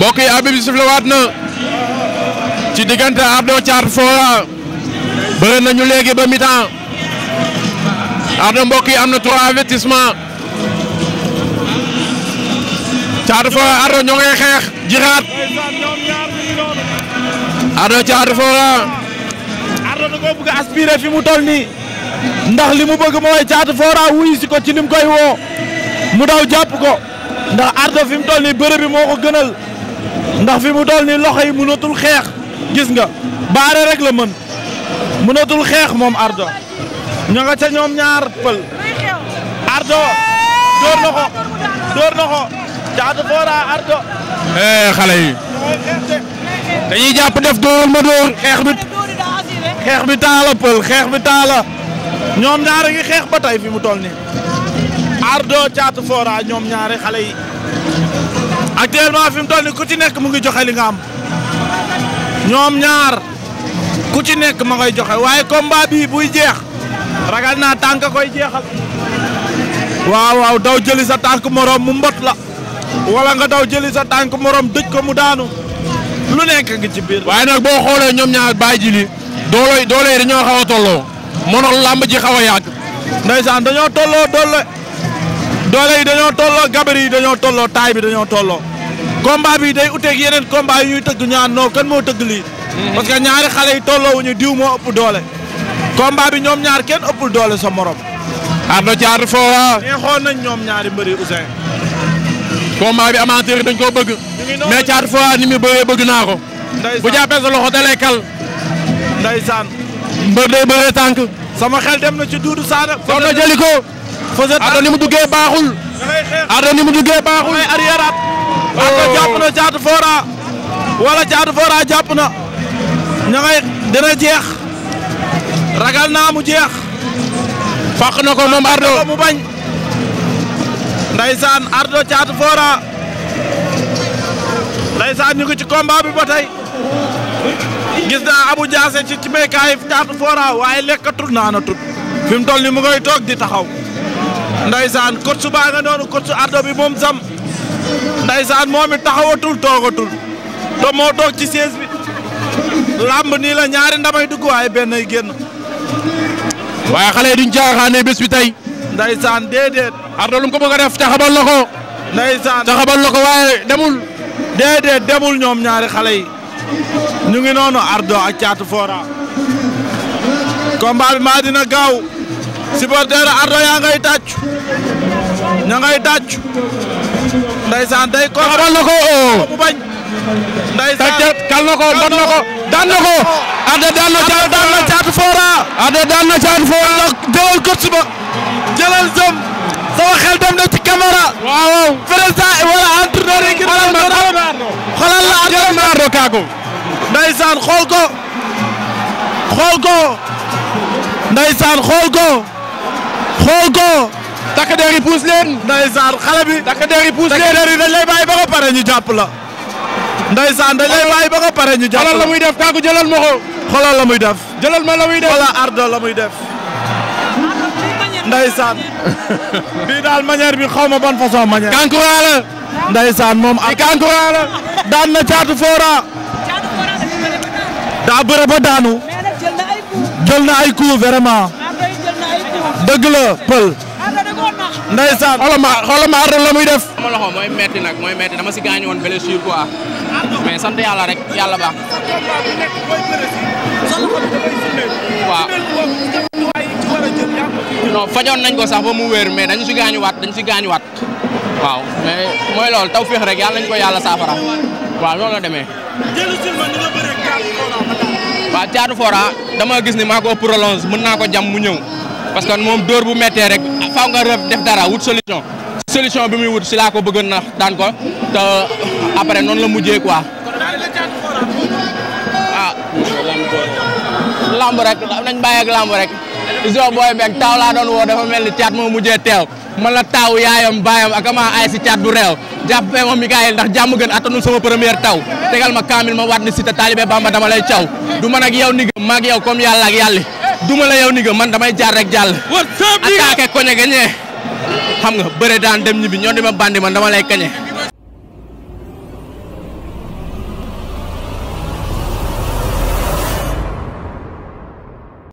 mbokk yi abib bi sifle waat na ci diggante Ardo Thiatou Fora bëre nañu léegi ba mi-temps Ardo mbokk yi am na trois avertissement Thiatou Fora Ardo ñoo ngay xeex jixaat Ardo Thiatou Fora Ardo da koo bëgg aspirer fi mu toll nii ndax li mu bëgg mooy Thiatou Fora wuyu ko ci nim koy woo mu daw jàpp ko ndax Ardo fi mu toll nii bëre moo ko gënal ndax fi mu toll ni loxo yi mënatul xeex gis nga baare rek la mën mënatul xeex moom Ardo ña nga ca ñoom ñaar pël Ardo door na ko door na Ardo eh xale yi dañuy jàpp def dóor ma dóor xeex bi bi taala pël xeex bi taala ñoom ñaar a ngi xeex ba tey fi mu toll nii Ardo Caatu Fora ñoom ñaari xale yi actuellement fi mu toll ku ci nekk mu ngi joxe li nga am ñoom ñaar ku ci nekk ma koy joxe waaye combat bi buy jeex ragal naa tànk koy jeexal waaw waaw daw jëli sa tànk moroom mu mbot la wala nga daw jëli sa tànk moroom dëj ko mu daanu lu nekk ngi ci biir. waaye nag boo xoolee ñoom ñaar bàyyi ji li dooley dooley dañoo xaw tolloo moo tax làmb ji xaw a yàgg. ndeysaan dañoo tolloo doole doole yi dañoo tolloo gabar yi dañoo tolloo taay bi dañoo tolloo. combat bi day uteeg yeneen combat yi ñuy tëgg ñaar noo kan moo tëgg lii. Mhm. parce que ñaari xale yi tolloowuñu diw moo ëpp doole. combat bi ñoom ñaar kenn ëppul doole sa morom. Ardo Thiatou Fora. neexoon nañ ñoom ñaari mbëri Ousseyn. combat bi amateur dañ koo bëgg. mais Thiatou Fora ni mu bëree bëgg naa ko. bu jàppee sa loxo dalay kal. ndeysaan. mbër day bëree tànk. sama xel dem na ci Doudou Sané. foog na jëli ko. Ardo ni mu duggee baaxul. Ardo ni mu duggee baaxul. na Thiatou Fora wala Thiatou Fora jàpp na ña ngay dina jeex ragal naa mu jeex. fàq na ko moom Ardo mu bañ. Ndeysaan Ardo Thiatou Fora Ndeysaan ñu ngi ci combat bi ba tey gis naa Abou Diassé ci ci meekaay Thiatou Fora waaye lekkatul naanatul fi mu toll mu ngay toog di taxaw Ndeysaan kot baa nga noonu kot Ardo bi moom sam ndaysaan moom it taxawatul toogatul te moo toog ci siège bi làmb nii la ñaari ndamay dugg waaye benn ay génn. duñ caaxaane bi tey. ndaysaan déedéet. Ardo lu mu a def ko. ndaysaan taxabal demul. ñoom ñaari xale yi. ñu ngi noonu Ardo ak Thiatou Fora. combat bi maa dina gaaw supporter Ardo yaa ngay tàcc ña ngay tàcc ndaysaan day ko abal ah, oh. na ko bu bañ ndaysaan kal na ko mbot na ko daan na ko ade daan na caatu daan na caatu foora ade daan na caatu foora jëlal coach ba jëlal jëm sama xel dem na ci caméra waaw président wala entraîneur yi xolal ma xolal la jëlal maardo kaago ndaysaan xool ko xool ko ndaysaan xool ko xool ko takk der yi puus leen. ndeysaan xale bi. takk der yi puus leen takk der yi dañ lay bàyyi ba ko jàpp la. ndeysaan dañ ñu la. muy def kàggu jëlal ma ko. xoolal muy def. jëlal ma bii daal manière bi xaw ma ban façon manière. kankura moom ak kankura la. daan na caatu foora. daa bëre daanu. jël na ay coup vraiment. Ah, dëgg la pël. ndeysaan xoolal ma xoolal ma la muy def. sama loxo mooy metti nag mooy metti dama si gaañu woon blessure quoi mais sant yàlla rek yàlla baax. waaw. fajoon nañ ko sax ba mu wér mais dañu si gaañuwaat dañ si gaañuwaat. waaw mais mooy loolu taw féex rek yàlla nañ ko yàlla saafara waaw loolu la demee. waaw caatu fora dama gis ni maa ko mën naa ko jam mu ñëw. parce que moom dóor bu méttee rek faaw nga def dara wut solution solution bi muy wut si laa ko bëgg na daan ko te noon la mujjee quoi. ah. lamb rek nañ bàyyi ak lamb rek. iso booy beeg taaw laa doon woo dafa mel ni caat moo mujjee teew man la taaw yaayam baayam a ama ay si caat du réew jàppee ma Mikael ndax jàmm gën attanul sama première taw tegal ma kaamil ma waat ni si te taalibe Bamba dama lay caw du man ak yow ni maag duma la yow ni nga man damay jaar rek jàll. attaqué koñe gañe xam nga bëre daan dem ñibbi ñoo di ma man dama lay kañe.